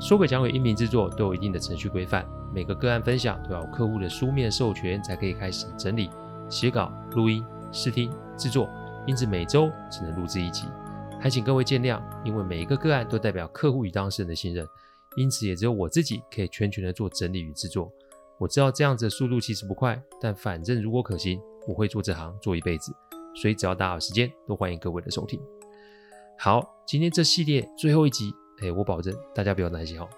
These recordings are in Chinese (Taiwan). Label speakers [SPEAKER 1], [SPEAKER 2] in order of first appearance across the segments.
[SPEAKER 1] 說詭講鬼音頻製作都有一定的程序規範。每個個案分享都要有客戶的書面授權才可以開始整理、寫稿、錄音、試聽、製作，因此每周只能錄製一集，還請各位見諒。因為每一個個案都代表客戶與當事人的信任，因此也只有我自己可以全權的做整理與製作。我知道這樣子的速度其實不快，但反正如果可行，我會做這行做一輩子，所以只要大家有時間，都歡迎各位的收聽。好，今天這系列最後一集。哎、欸，我保證大家不要擔心哦，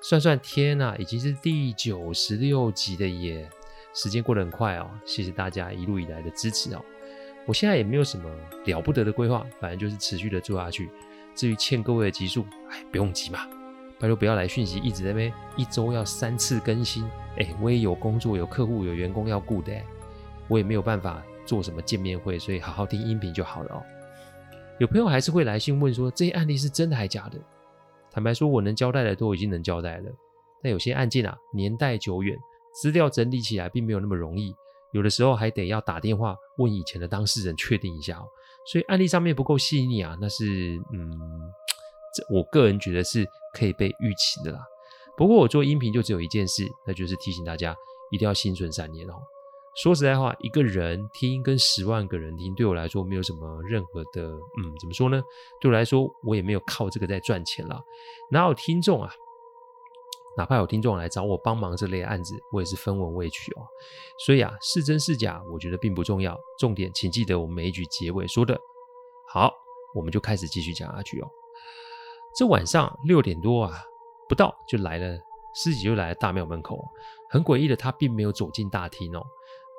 [SPEAKER 1] 算算天吶、啊，已經是第九十六集的耶，時間過得很快哦。謝謝大家一路以來的支持哦。我現在也沒有什麼了不得的規劃，反正就是持續的做下去。至於欠各位的集數，哎，不用急嘛。拜託不要來訊息，一直在那邊，一周要三次更新。哎、欸，我也有工作，有客戶，有員工要顧的，我也沒有辦法做什麼見面會，所以好好聽音頻就好了哦。有朋友還是會來信問說，這些案例是真的還是假的？坦白說，我能交代的都已經能交代了，但有些案件啊，年代久遠，資料整理起來並沒有那麼容易，有的時候還得要打電話問以前的當事人確定一下哦，所以案例上面不夠細膩啊，那是嗯，這我個人覺得是可以被預期的啦。不過我做音頻就只有一件事，那就是提醒大家一定要心存善念哦。說實在話，一個人聽跟十萬個人聽，對我來說沒有什麼任何的，嗯，怎麼說呢？對我來說，我也沒有靠這個在賺錢了。哪有聽眾啊？哪怕有聽眾來找我幫忙這類案子，我也是分文未取哦。所以啊，是真是假，我覺得並不重要。重點，請記得我們每一句結尾說的。好，我們就開始繼續講下去哦。這晚上六點多啊，不到就來了，師姐就來了大廟門口。很詭異的，他並沒有走進大廳哦。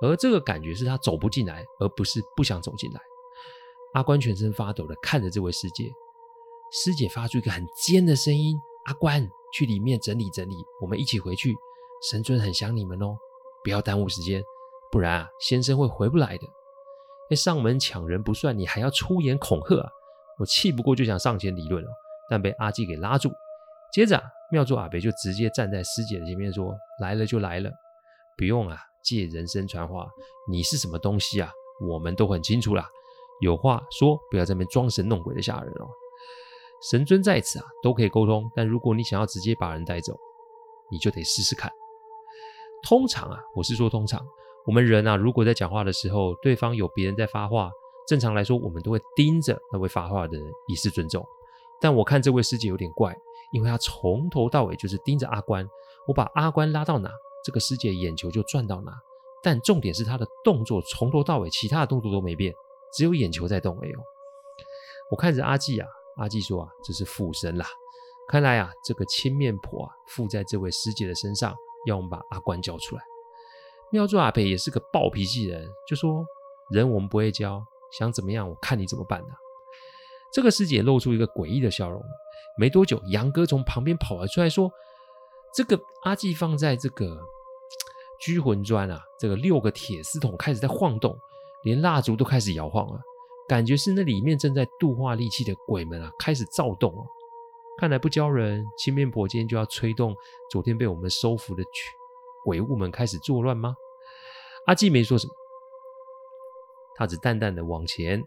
[SPEAKER 1] 而這個感覺是他走不進來，而不是不想走進來。阿關全身發抖的看着這位師姐，師姐發出一個很尖的聲音：“阿關，去裡面整理整理，我們一起回去。神尊很想你們哦，不要耽誤時間，不然啊，先生會回不來的。上門搶人不算，你還要出言恐嚇啊！我氣不過就想上前理論哦，但被阿基給拉住。接着啊，妙珠阿北就直接站在師姐的前面說：來了就來了，不用啊。”借人身傳話，你是什麼東西啊？我們都很清楚啦，有話說，不要在那邊裝神弄鬼的嚇人哦。神尊在此啊，都可以溝通。但如果你想要直接把人帶走，你就得試試看。通常啊，我是說通常，我們人啊，如果在講話的時候，對方有別人在發話，正常來說，我們都會盯着那位發話的人，以示尊重。但我看這位師姐有點怪，因為她從頭到尾就是盯着阿關。我把阿關拉到哪？這個師姐眼球就轉到哪，但重點是她的動作從頭到尾，其他的動作都沒變，只有眼球在動。沒有我看着阿季啊，阿季說啊，這是附身啦。看來啊，這個青面婆啊附在這位師姐的身上，要我們把阿關交出來。妙珠阿佩也是個暴脾氣人，就說，人我們不會交，想怎麼樣？我看你怎麼辦呢、啊？這個師姐露出一個詭異的笑容。沒多久，楊哥從旁邊跑了出來，說。這個阿季，放在這個拘魂磚啊，這個六個鐵絲桶開始在晃動，連蠟燭都開始搖晃了，感覺是那裡面正在度化戾氣的鬼們啊，開始躁動了。看來不教人青面婆，今天就要催動昨天被我們收服的鬼物們開始作亂嗎？阿季沒說什麼，他只淡淡的往前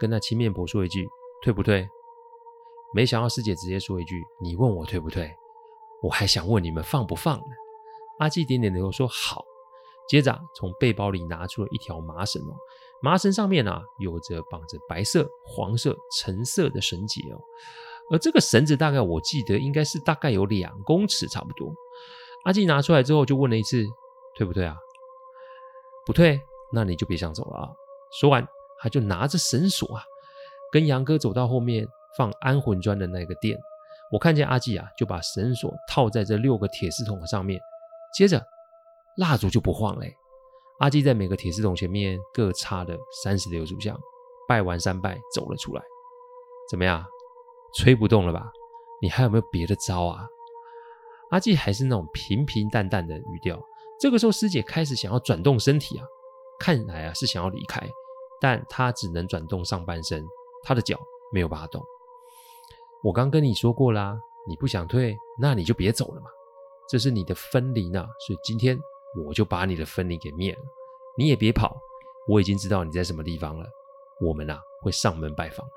[SPEAKER 1] 跟那青面婆說一句：“退不退？”沒想到師姐直接說一句：“你問我退不退？”我還想問你們放不放呢？阿季點點頭說好，接着、啊、從背包裡拿出了一條麻繩哦，麻繩上面呢、啊、有着綁着白色、黃色、橙色的繩結哦，而這個繩子大概我記得應該是大概有兩公尺差不多。阿季拿出來之後就問了一次，退不退啊？不退，那你就別想走了啊。說完他就拿着繩索啊，跟楊哥走到後面放安魂磚的那個店。我看見阿季啊，就把繩索套在這六個鐵絲桶的上面，接着蠟燭就不晃了，阿季在每個鐵絲桶前面各插了三十六炷香，拜完三拜走了出來。怎麼樣？吹不動了吧？你還有沒有別的招啊？阿季還是那種平平淡淡的語調。這個時候師姐開始想要轉動身體啊，看來啊是想要離開，但她只能轉動上半身，她的腳沒有辦法動。我剛跟你說過啦、啊，你不想退，那你就別走了嘛。這是你的分靈呢，、啊、所以今天我就把你的分靈給滅了。你也別跑，我已經知道你在什麼地方了。我們啊會上門拜訪的。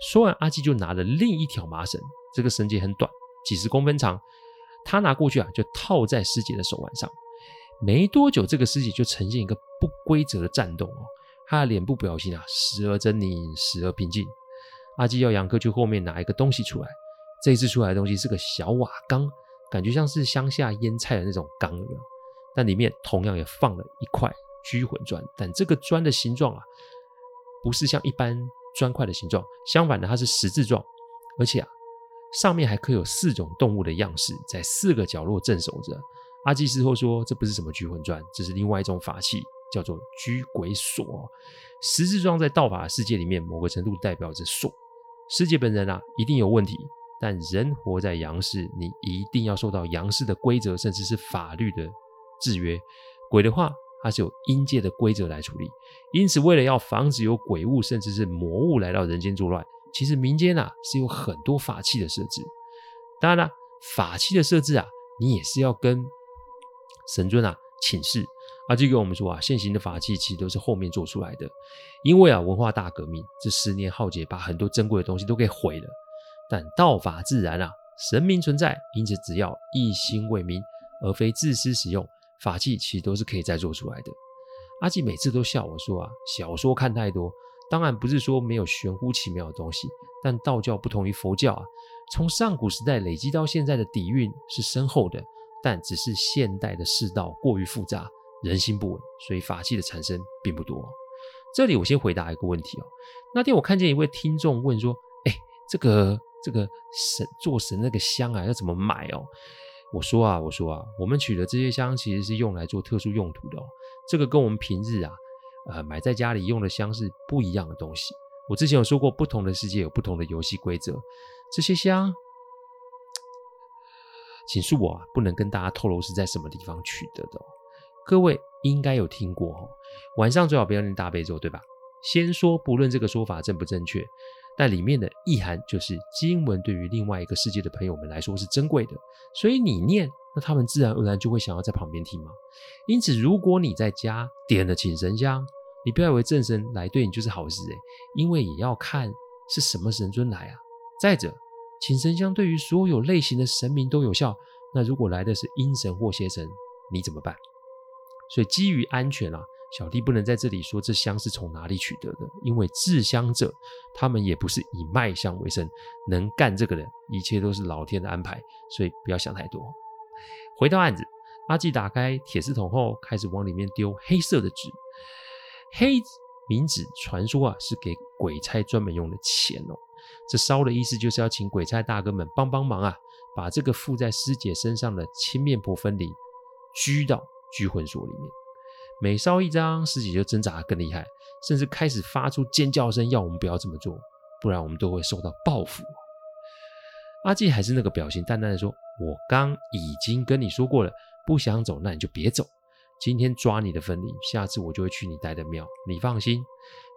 [SPEAKER 1] 說完，阿基就拿了另一條麻繩，這個繩結很短，幾十公分長。他拿過去啊，就套在師姐的手腕上。沒多久，這個師姐就呈現一個不規則的顫動哦，她的臉部表情啊，時而猙獰，時而平靜。阿基要楊哥去後面拿一個東西出來，這一次出來的東西是個小瓦缸，感覺像是鄉下醃菜的那種缸了，但裡面同樣也放了一塊拘魂磚，但這個磚的形狀啊，不是像一般磚塊的形狀，相反的它是十字狀，而且啊，上面還刻有四種動物的樣式，在四個角落鎮守着。阿基事後說，這不是什麼拘魂磚，這是另外一種法器，叫做拘鬼鎖。十字狀在道法世界裡面，某個程度代表着鎖。師姐本人啊，一定有問題。但人活在陽世，你一定要受到陽世的規則，甚至是法律的制約。鬼的話，它是有陰界的規則來處理。因此，為了要防止有鬼物，甚至是魔物來到人間作亂，其實民間啊是有很多法器的設置。當然了、啊，法器的設置啊，你也是要跟神尊啊請示。阿、啊、紀跟我們說啊，現行的法器其實都是後面做出來的，因為啊文化大革命這十年浩劫把很多珍貴的東西都給毀了。但道法自然啊，神明存在，因此只要一心為民，而非自私使用，法器其實都是可以再做出來的。阿、啊、紀每次都笑我說啊，小說看太多，當然不是說沒有玄乎其妙的東西，但道教不同於佛教啊，從上古時代累積到現在的底蘊是深厚的，但只是現代的世道過於複雜。人心不穩，所以法器的產生並不多哦。這裡我先回答一個問題哦。那天我看見一位聽眾問說：“哎、欸，這個這個神做神那個香啊，要怎麼買哦？”我說啊，我說啊，我們取的這些香其實是用來做特殊用途的哦，這個跟我們平日啊，呃，買在家裡用的香是不一樣的東西。我之前有說過，不同的世界有不同的遊戲規則。這些香，請恕我啊，不能跟大家透露是在什麼地方取得的哦。各位應該有聽過哦，晚上最好不要念大悲咒，對吧？先說不論這個說法正不正確，但裡面的意涵就是經文對於另外一個世界的朋友們來說是珍貴的，所以你念，那他們自然而然就會想要在旁邊聽嘛。因此，如果你在家點了請神香，你不要以為正神來對你就是好事欸，因為也要看是什麼神尊來啊。再者，請神香對於所有類型的神明都有效，那如果來的是陰神或邪神，你怎麼辦？所以基於安全啊，小弟不能在這裡說這香是從哪裡取得的，因為制香者他們也不是以賣香為生，能幹這個的，一切都是老天的安排，所以不要想太多。回到案子，阿紀打開鐵絲桶後，開始往裡面丟黑色的紙，黑冥紙傳說啊是給鬼差專門用的錢哦、喔，這燒的意思就是要請鬼差大哥們幫幫忙啊，把這個附在師姐身上的青面婆分離，拘到。拘魂索裡面，每燒一張，師姐就掙扎得更厲害，甚至開始發出尖叫聲，要我們不要這麼做，不然我們都會受到報復。阿、啊、紀還是那個表情，淡淡的說：“我剛已經跟你說過了，不想走，那你就別走。今天抓你的分靈，下次我就會去你待的廟。你放心，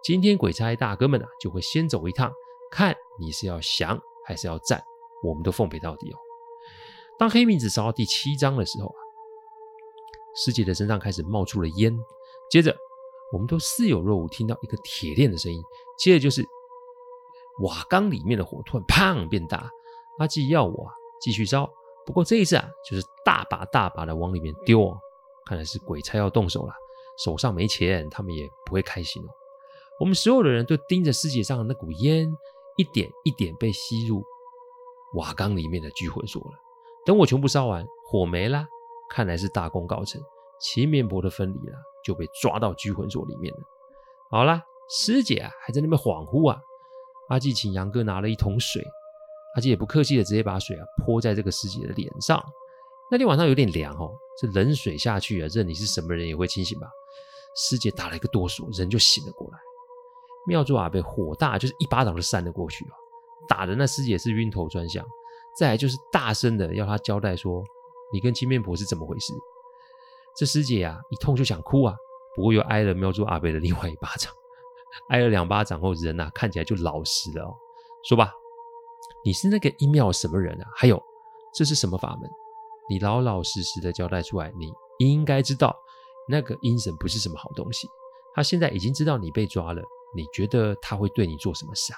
[SPEAKER 1] 今天鬼差大哥們啊，就會先走一趟，看你是要降還是要戰，我們都奉陪到底哦。”當黑冥紙燒到第七張的時候啊。師姐的身上開始冒出了煙，接着我們都似有若無聽到一個鐵鏈的聲音，接着就是瓦缸裡面的火突然砰變大。阿基要我繼續燒，不過這一次啊，就是大把大把的往裡面丟哦。看來是鬼差要動手了，手上沒錢，他們也不會開心哦。我們所有的人都盯着師姐身上的那股煙，一點一點被吸入瓦缸裡面的聚魂鎖了。等我全部燒完，火沒了。看來是大功告成，秦面薄的分靈了就被抓到拘魂所裡面了。好啦，師姐啊，還在那邊恍惚啊。阿季請楊哥拿了一桶水，阿季也不客氣的直接把水啊潑在這個師姐的臉上。那天晚上有點涼哦，這冷水下去啊，任你是什麼人也會清醒吧。師姐打了一個哆嗦，人就醒了過來。妙珠阿伯火大，就是一巴掌就扇了過去啊，打的那師姐是暈頭轉向。再來就是大聲的要她交代說，你跟青面婆是怎麼回事？這師姐啊，一痛就想哭啊，不過又挨了瞄住阿北的另外一巴掌。挨了兩巴掌後人、啊，人吶看起來就老實了、哦。說吧，你是那個陰廟什麼人啊？還有，這是什麼法門？你老老實實的交代出來。你應該知道，那個陰神不是什麼好東西。他現在已經知道你被抓了，你覺得他會對你做什麼事啊？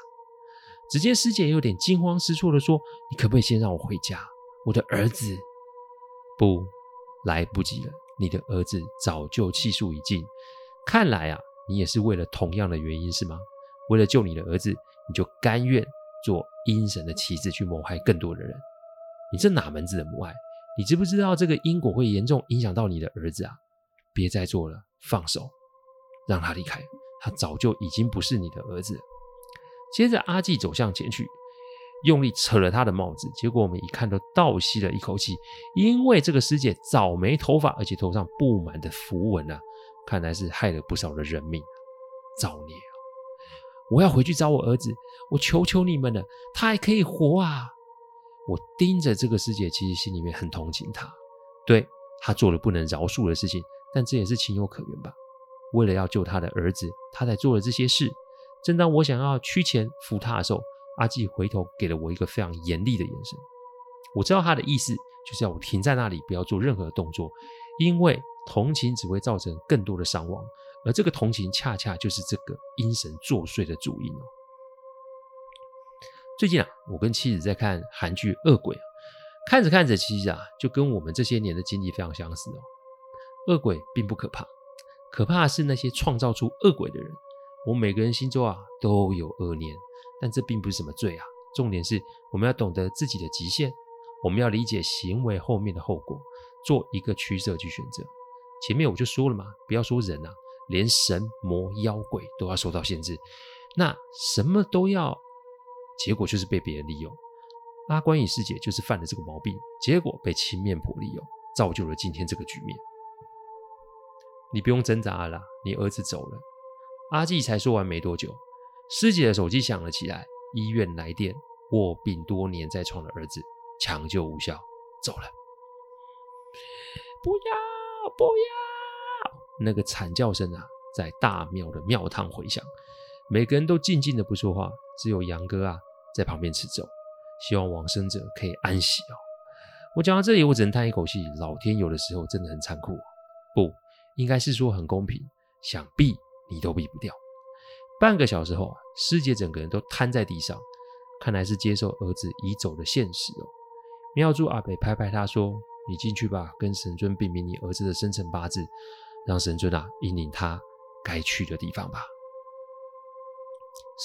[SPEAKER 1] 只見師姐有點驚慌失措的說：“你可不可以先讓我回家？我的兒子。”不，來不及了，你的兒子早就氣數已盡。看來啊，你也是為了同樣的原因，是嗎？為了救你的兒子，你就甘願做陰神的棋子去謀害更多的人？你這哪門子的母愛？你知不知道這個因果會嚴重影響到你的兒子啊？別再做了，放手，讓他離開，他早就已經不是你的兒子了。接着，阿繼走向前去。用力扯了他的帽子，結果我們一看都倒吸了一口氣，因為這個師姐早沒頭髮，而且頭上布滿的符文啊，看來是害了不少的人命啊，造孽啊！我要回去找我兒子，我求求你們了，他還可以活啊！我盯着這個師姐，其實心裡面很同情他，對，他做了不能饒恕的事情，但這也是情有可原吧？為了要救他的兒子，他才做了這些事。正當我想要趨前扶他的時候。阿記回頭給了我一個非常嚴厲的眼神，我知道他的意思就是要我停在那裡，不要做任何的動作，因為同情只會造成更多的傷亡，而這個同情恰恰就是這個陰神作祟的主因哦。最近啊，我跟妻子在看韓劇《惡鬼》啊，看着看着，其實啊，就跟我們這些年的經歷非常相似哦。惡鬼並不可怕，可怕的是那些創造出惡鬼的人。我們每個人心中啊，都有惡念。但這並不是什麼罪啊！重點是我們要懂得自己的極限，我們要理解行為後面的後果，做一個取捨去選擇。前面我就說了嘛，不要說人啊，連神魔妖鬼都要受到限制。那什麼都要，結果就是被別人利用。阿關與師姐就是犯了這個毛病，結果被青面婆利用，造就了今天這個局面。你不用掙扎了，你兒子走了。阿繼才說完沒多久，師姐的手機響了起來，醫院來電，臥病多年在床的兒子搶救無效走了。不要不要！那個慘叫聲啊，在大廟的廟堂回響，每個人都靜靜的不說話，只有楊哥啊在旁邊持咒，希望往生者可以安息哦。我講到這裡，我只能嘆一口氣，老天有的時候真的很殘酷哦，不，應該是說很公平，想必你都避不掉。半個小時後啊，師姐整個人都癱在地上，看來是接受兒子已走的現實哦。廟祝阿北拍拍他說：“你進去吧，跟神尊稟明你兒子的生辰八字，讓神尊啊引領他該去的地方吧。”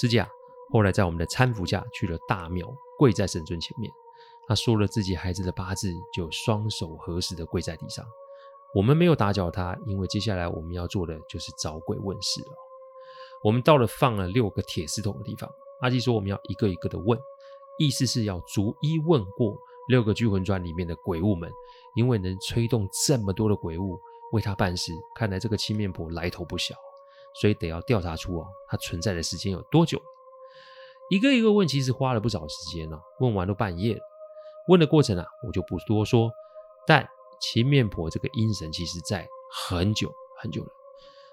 [SPEAKER 1] 師姐啊，後來在我們的攙扶下去了大廟，跪在神尊前面，他說了自己孩子的八字，就雙手合十的跪在地上。我們沒有打攪他，因為接下來我們要做的就是找鬼問事了。我們到了放了六個鐵絲桶的地方，阿基說我們要一個一個的問，意思是要逐一問過六個聚魂磚裡面的鬼物們，因為能催動這麼多的鬼物為他辦事，看來這個青面婆來頭不小，所以得要調查出哦、啊，她存在的時間有多久。一個一個問，其實花了不少時間了、啊，問完都半夜了。問的過程啊，我就不多說，但青面婆這個陰神，其實在很久很久了。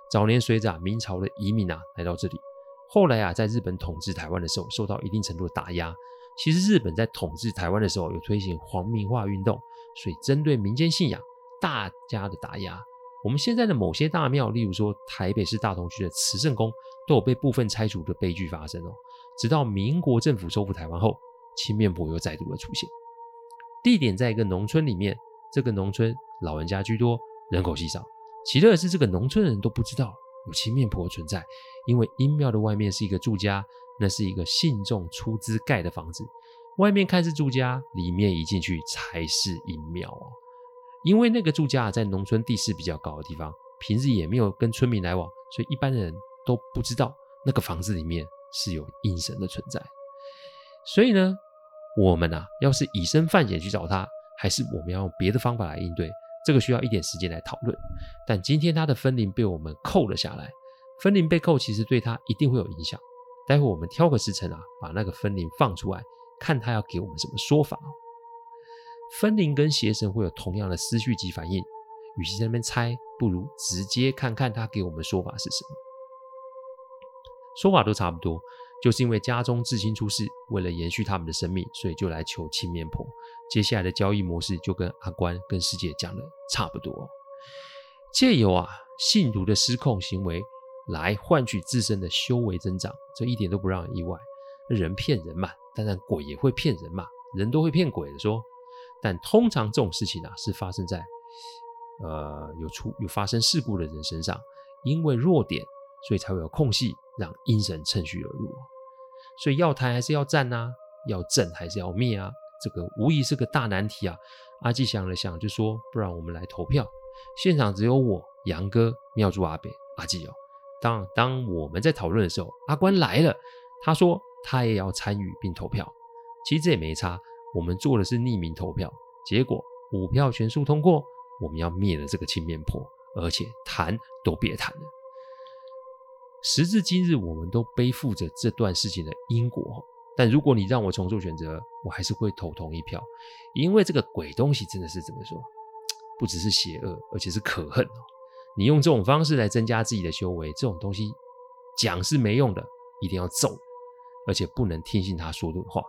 [SPEAKER 1] 早年隨着、啊、明朝的移民啊來到這裡，後來啊在日本統治台灣的時候受到一定程度的打壓。其實日本在統治台灣的時候有推行皇民化運動，所以針對民間信仰大加的打壓。我們現在的某些大廟，例如說台北市大同區的慈聖宮，都有被部分拆除的悲劇發生哦。直到民國政府收復台灣後，青面婆又再度的出現。地點在一個農村裡面，這個農村老人家居多，人口稀少。嗯奇特的是，這個農村人都不知道有七面婆的存在，因為陰廟的外面是一個住家，那是一個信眾出資蓋的房子，外面看是住家，裡面一進去才是陰廟哦。因為那個住家在農村地勢比較高的地方，平日也沒有跟村民來往，所以一般的人都不知道那個房子裡面是有陰神的存在。所以呢，我們啊，要是以身犯險去找他，還是我們要用別的方法來應對。這個需要一點時間來討論，但今天他的分靈被我們扣了下來，分靈被扣其實對他一定會有影響。待會我們挑個時辰啊，把那個分靈放出來，看他要給我們什麼說法。分靈跟邪神會有同樣的思緒及反應，與其在那邊猜，不如直接看看他給我們說法是什麼。說法都差不多。就是因為家中至親出事，為了延續他們的生命，所以就來求青面婆。接下來的交易模式就跟阿關跟師姐講的差不多，借由啊，信徒的失控行為來換取自身的修為增長，這一點都不讓人意外。人騙人嘛，當然鬼也會騙人嘛，人都會騙鬼的說。但通常這種事情啊，是發生在呃有出有發生事故的人身上，因為弱點。所以才會有空隙讓陰神趁虛而入，啊，所以要談還是要戰啊，要鎮還是要滅啊？這個無疑是個大難題啊！阿紀想了想，就說：“不然我們來投票。”現場只有我、楊哥、廟祝、阿北、哦、阿紀哦。當當我們在討論的時候，阿關來了，他說他也要參與並投票。其實這也沒差，我們做的是匿名投票。結果五票全數通過，我們要滅了這個青面婆，而且談都別談了。時至今日，我們都背負着這段事情的因果。但如果你讓我重做選擇，我還是會投同一票，因為這個鬼東西真的是怎麼說？不只是邪惡，而且是可恨哦。你用這種方式來增加自己的修為，這種東西講是沒用的，一定要揍，而且不能聽信他說的話，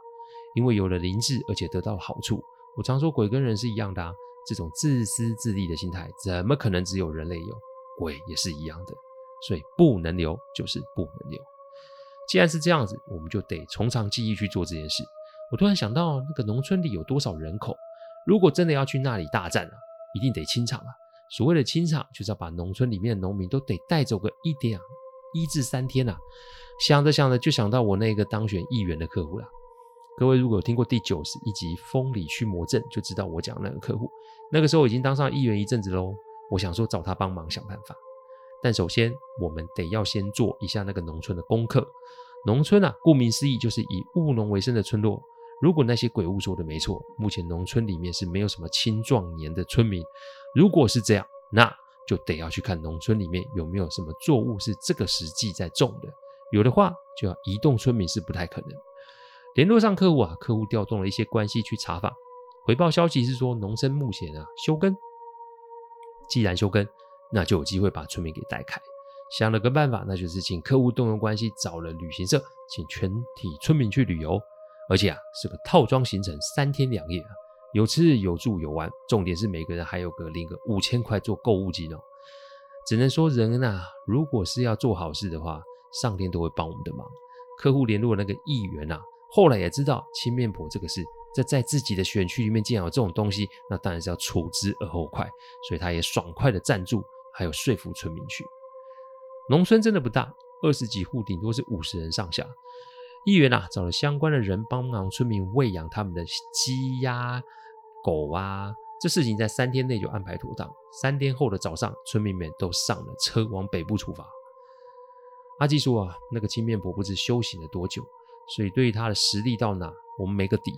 [SPEAKER 1] 因為有了靈智，而且得到了好處。我常說，鬼跟人是一樣的啊，這種自私自利的心態，怎麼可能只有人類有？鬼也是一樣的。所以不能留，就是不能留。既然是這樣子，我們就得從長計議去做這件事。我突然想到，那個農村裡有多少人口？如果真的要去那裡大戰啊，一定得清場啊。所謂的清場，就是要把農村裡面的農民都得帶走個一兩、啊、一至三天啊。想着想着，就想到我那個當選議員的客戶了。各位如果有聽過第九十一集《風裡驅魔陣》，就知道我講那個客戶。那個時候已經當上議員一陣子嘍。我想說找他幫忙想辦法。但首先，我們得要先做一下那個農村的功課。農村啊，顧名思義就是以務農為生的村落。如果那些鬼物說的沒錯，目前農村裡面是沒有什麼青壯年的村民。如果是這樣，那就得要去看農村裡面有沒有什麼作物是這個時節在種的。有的話，就要移動村民是不太可能。聯絡上客戶啊，客戶調動了一些關係去查訪，回報消息是說，農村目前啊休耕。既然休耕，那就有機會把村民給帶開，想了個辦法，那就是請客戶動用關係找了旅行社，請全體村民去旅遊，而且啊是個套裝行程，三天兩夜啊，有吃有住有玩，重點是每個人還有個領個五千塊做購物金哦。只能說人吶、啊，如果是要做好事的話，上天都會幫我們的忙。客戶聯絡那個議員啊，後來也知道青面婆這個事，在在自己的選區裡面竟然有這種東西，那當然是要除之而後快，所以他也爽快的贊助。還有說服村民去。農村真的不大，二十幾戶頂多是五十人上下。議員啊，找了相關的人幫忙村民餵養他們的雞鴨、啊、狗啊，這事情在三天內就安排妥當。三天後的早上，村民們都上了車往北部出發。阿基說啊，那個青面婆不知修行了多久，所以對於他的實力到哪我們沒個底。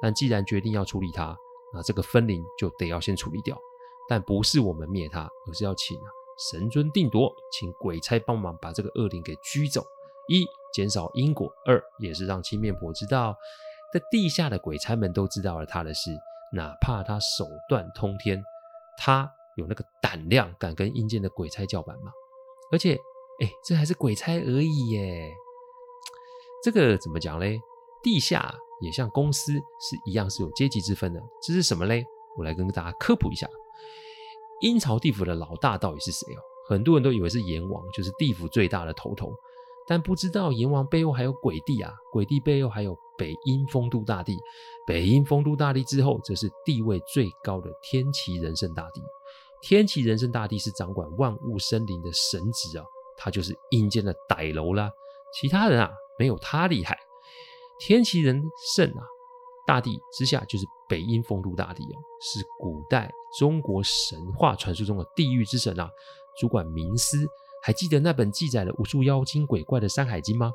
[SPEAKER 1] 但既然決定要處理他，那這個分靈就得要先處理掉。但不是我們滅他，而是要請、啊、神尊定奪，請鬼差幫忙把這個惡靈給拘走。一減少因果，二也是讓青面婆知道，在地下的鬼差們都知道了他的事。哪怕他手段通天，他有那個膽量敢跟陰間的鬼差叫板嗎？而且，哎，這還是鬼差而已耶。這個怎麼講嘞？地下也像公司是一樣是有階級之分的。這是什麼嘞？我來跟大家科普一下。陰曹地府的老大到底是誰哦？很多人都以為是閻王，就是地府最大的頭頭，但不知道閻王背後還有鬼帝啊，鬼帝背後還有北陰酆都大帝，北陰酆都大帝之後，則是地位最高的天齊仁聖大帝。天齊仁聖大帝是掌管萬物生靈的神職啊、哦，他就是陰間的傣樓啦，其他人啊，沒有他厲害。天齊仁聖啊。大地之下就是北陰酆都大帝、哦、是古代中國神話傳說中的地獄之神啊，主管冥司，還記得那本記載了無數妖精鬼怪的《山海經》嗎？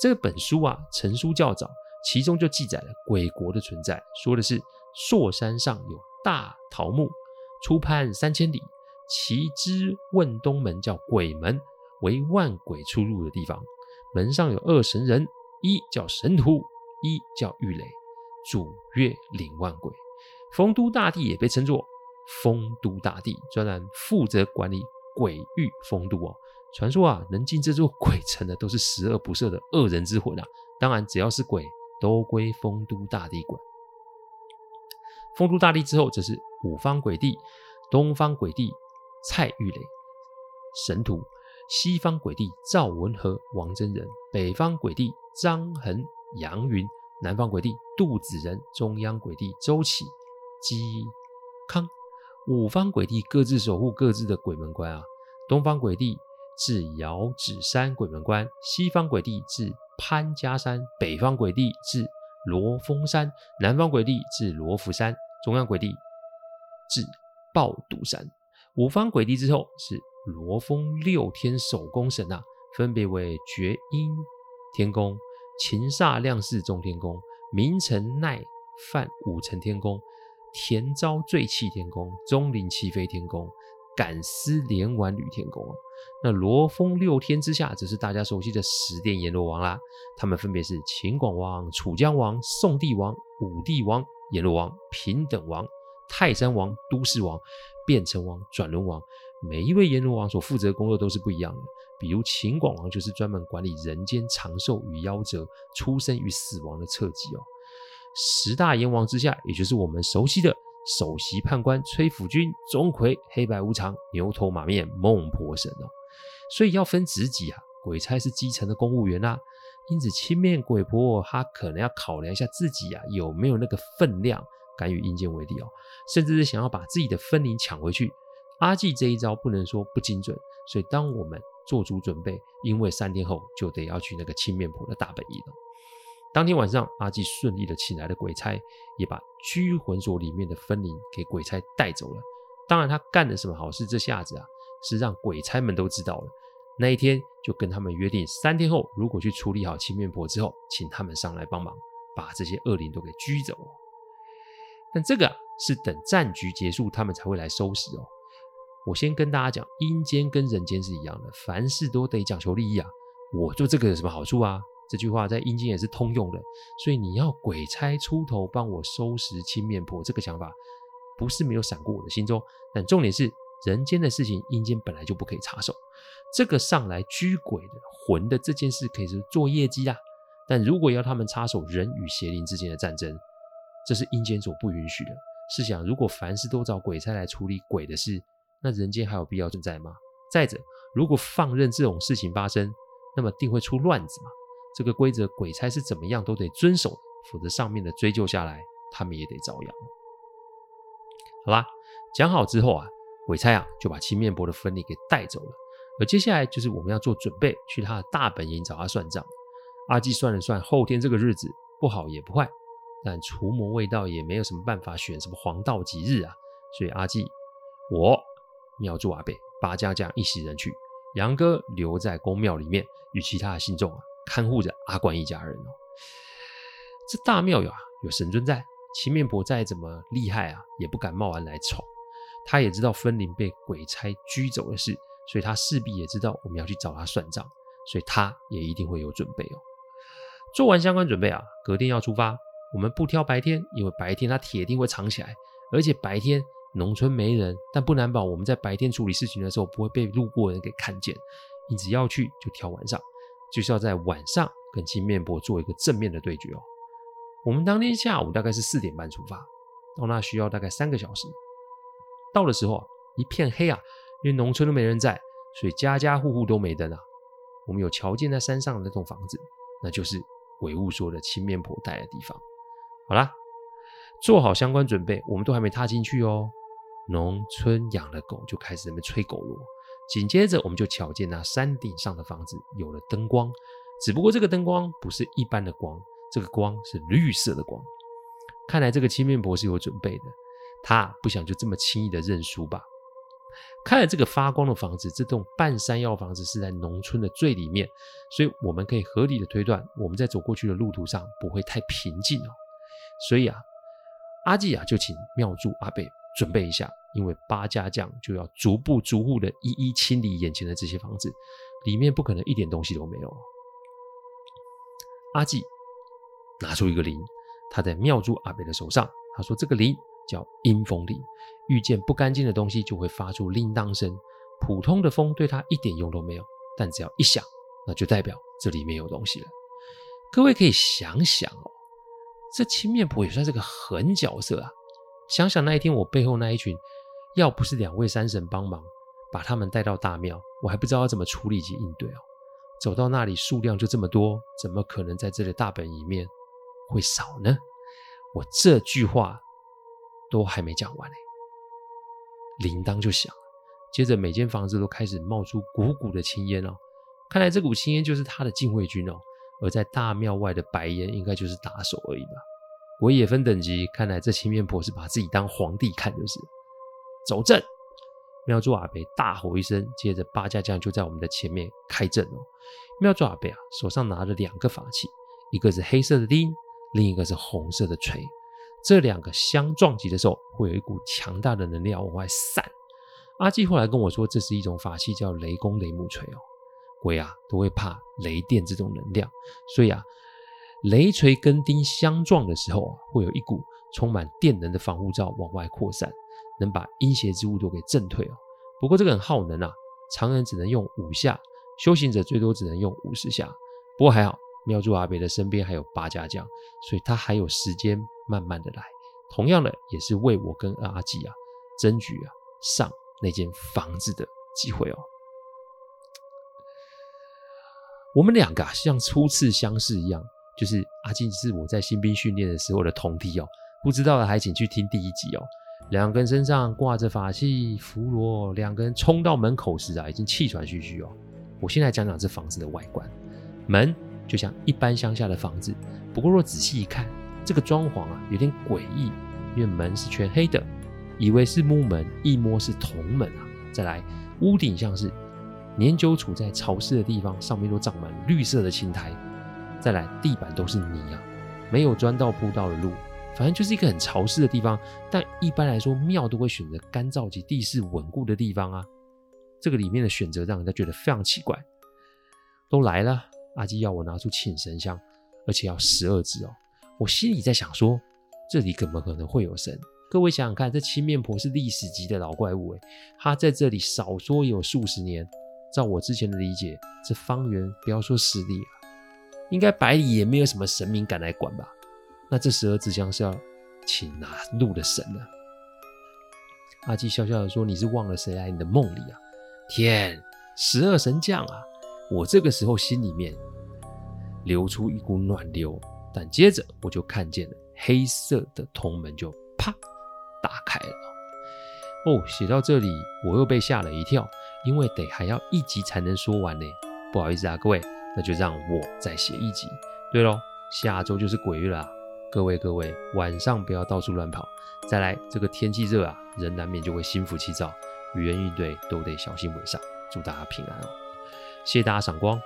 [SPEAKER 1] 這個、本書啊，成書較早，其中就記載了鬼國的存在。說的是，朔山上有大桃木，出蟠三千里，其枝問東門，叫鬼門，為萬鬼出入的地方。門上有二神人，一叫神荼，一叫鬱壘。主月領萬鬼，酆都大帝也被稱作酆都大帝，專門負責管理鬼域酆都哦。傳說啊，能進這座鬼城的都是十惡不赦的惡人之魂啊。當然，只要是鬼，都歸酆都大帝管。酆都大帝之後，則是五方鬼帝：東方鬼帝蔡玉雷、神徒，西方鬼帝趙文和、王真人；北方鬼帝張衡、楊雲。南方鬼帝杜子仁，中央鬼帝周啟嵇康，五方鬼帝各自守護各自的鬼門關啊。東方鬼帝至瑤子山鬼門關，西方鬼帝至潘家山，北方鬼帝至羅峰山，南方鬼帝至羅浮山，中央鬼帝至抱犢山。五方鬼帝之後是羅峰六天守宮神啊，分別為絕陰天宮。秦煞亮世中天宮，明成奈犯武成天宮，田昭醉氣天宮，鍾靈氣飛天宮，感思連丸呂天宮。那羅峰六天之下，則是大家熟悉的十殿閻羅王啦。他們分別是秦廣王、楚江王、宋帝王、武帝王、閻羅王、平等王、泰山王、都市王、卞城王、轉輪王。每一位閻羅王所負責的工作都是不一樣的。比如秦廣王就是專門管理人間長壽與夭折、出生與死亡的冊籍哦。十大閻王之下，也就是我們熟悉的首席判官崔府君、鍾馗、黑白無常、牛頭馬面、孟婆神哦。所以要分職級啊，鬼差是基層的公務員吶、啊。因此，青面鬼婆她可能要考量一下自己啊有沒有那個分量，敢與陰間為敵哦，甚至是想要把自己的分靈搶回去。阿季這一招不能說不精準，所以當我們。做足準備，因為三天後就得要去那個青面婆的大本營了哦。當天晚上，阿紀順利的請來了鬼差，也把拘魂所裡面的分靈給鬼差帶走了。當然，他幹了什麼好事，這下子啊，是讓鬼差們都知道了。那一天，就跟他們約定，三天後如果去處理好青面婆之後，請他們上來幫忙，把這些惡靈都給拘走。但這個啊，是等戰局結束，他們才會來收拾哦。我先跟大家講，陰間跟人間是一樣的，凡事都得講求利益啊。我做這個有什麼好處啊？這句話在陰間也是通用的。所以你要鬼差出頭幫我收拾青面婆，這個想法不是沒有閃過我的心中。但重點是，人間的事情陰間本來就不可以插手。這個上來拘鬼的魂的這件事，可以是做業績啊。但如果要他們插手人與邪靈之間的戰爭，這是陰間所不允許的。試想，如果凡事都找鬼差來處理鬼的事，那人間還有必要存在嗎？再者，如果放任這種事情發生，那麼定會出亂子嘛。這個規則，鬼差是怎麼樣都得遵守的，否則上面的追究下來，他們也得遭殃。好啦，講好之後啊，鬼差啊就把青面婆的分靈給帶走了。而接下來就是我們要做準備，去他的大本營找他算賬。阿紀算了算，後天這個日子不好也不壞，但除魔衛道也沒有什麼辦法選什麼黃道吉日啊，所以阿紀，我。廟祝阿伯八家將一行人去，楊哥留在宮廟裡面，與其他的信眾啊看護着阿關一家人、哦、這大廟有、啊、有神尊在，七面婆再怎麼厲害啊，也不敢貿然來闖。他也知道分靈被鬼差拘走的事，所以他勢必也知道我們要去找他算賬，所以他也一定會有準備哦。做完相關準備啊，隔天要出發。我們不挑白天，因為白天他鐵定會藏起來，而且白天。農村沒人，但不難保我們在白天處理事情的時候不會被路過的人給看見，因此要去就挑晚上，就是要在晚上跟青面婆做一個正面的對決哦。我們當天下午大概是四點半出發，到那需要大概三個小時。到的時候一片黑啊，因為農村都沒人在，所以家家戶戶都沒燈啊。我們有瞧見在山上的那棟房子，那就是鬼物說的青面婆待的地方。好啦，做好相關準備，我們都還沒踏進去哦。農村養了狗，就開始在那吹狗螺。緊接着，我們就瞧見那山頂上的房子有了燈光，只不過這個燈光不是一般的光，這個光是綠色的光。看來這個青面伯是有準備的，他不想就這麼輕易的認輸吧？看來這個發光的房子，這棟半山腰房子是在農村的最裡面，所以我們可以合理的推斷，我們在走過去的路途上不會太平靜哦。所以啊，阿季啊，就請廟祝阿伯準備一下。因為八家將就要逐步逐戶，的一一清理眼前的這些房子，裡面不可能一點東西都沒有。阿季拿出一個鈴，他在廟祝阿北的手上。他說：“這個鈴叫陰風鈴，遇見不乾淨的東西就會發出鈴鐺聲。普通的風對它一點用都沒有，但只要一響，那就代表這裡面有東西了。”各位可以想想哦，這青面婆也算是個狠角色啊！想想那一天我背後那一群。要不是兩位山神幫忙把他們帶到大廟，我還不知道要怎麼處理及應對哦。走到那裡，數量就這麼多，怎麼可能在這裡大本營裡面會少呢？我這句話都還沒講完呢。鈴鐺就響了，接着每間房子都開始冒出鼓鼓的青煙哦。看來這股青煙就是他的禁衛軍哦，而在大廟外的白煙應該就是打手而已吧。鬼也分等級，看來這青面婆是把自己當皇帝看，就是。走陣！妙珠阿伯大吼一聲，接着八家將就在我們的前面開陣哦。妙珠阿伯啊，手上拿着兩個法器，一個是黑色的釘，另一個是紅色的錘。這兩個相撞擊的時候，會有一股強大的能量往外散。阿紀後來跟我說，這是一種法器，叫雷公雷木錘哦。鬼啊都會怕雷電這種能量，所以啊，雷錘跟釘相撞的時候啊，會有一股充滿電能的防護罩往外擴散。能把陰邪之物都給震退哦。不過這個很耗能啊，常人只能用五下，修行者最多只能用五十下。不過還好，廟祝阿伯的身邊還有八家將，所以他還有時間慢慢的來。同樣的，也是為我跟阿吉啊爭取啊上那間房子的機會哦。 我們兩個、啊、像初次相識一樣，就是阿季是我在新兵訓練的時候的同梯哦。不知道的還請去聽第一集哦。兩個人身上掛着法器符籙，兩個人衝到門口時啊，已經氣喘籲籲哦。我先來講講這房子的外觀，門就像一般鄉下的房子，不過若仔細一看，這個裝潢啊有點詭異，因為門是全黑的，以為是木門，一摸是銅門啊。再來，屋頂像是年久處在潮濕的地方，上面都長滿綠色的青苔。再來，地板都是泥啊，沒有磚道鋪道的路。反正就是一個很潮濕的地方，但一般來說廟都會選擇乾燥及地勢穩固的地方啊。這個裡面的選擇讓人家覺得非常奇怪。都來了，阿基要我拿出請神香，而且要十二支哦。我心裡在想說，這裡怎麼可能會有神？各位想想看，這青面婆是歷史級的老怪物誒、欸，她在這裡少說也有數十年。照我之前的理解，這方圓不要說十里、啊，應該百里也沒有什麼神明敢來管吧。那這十二執將是要請哪、啊、路的神呢、啊？阿基笑笑的說：“你是忘了誰來你的夢裡啊？”天，十二神將啊！我這個時候心裡面流出一股暖流，但接着我就看見了黑色的銅門就啪打開了。哦，寫到這裡我又被嚇了一跳，因為得還要一集才能說完呢。不好意思啊，各位，那就讓我再寫一集。對嘍，下周就是鬼月啦。各位各位，晚上不要到處亂跑。再來，這個天氣熱啊，人難免就會心浮氣躁，語言應對都得小心為上。祝大家平安哦！謝謝大家賞光。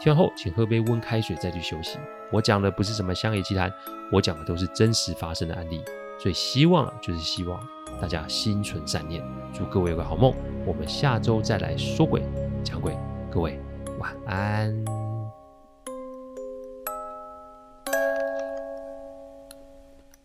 [SPEAKER 1] 聽完後，請喝杯溫開水再去休息。我講的不是什麼鄉野奇談，我講的都是真實發生的案例。所以希望就是希望大家心存善念。祝各位有個好夢。我們下周再來說鬼講鬼。各位晚安。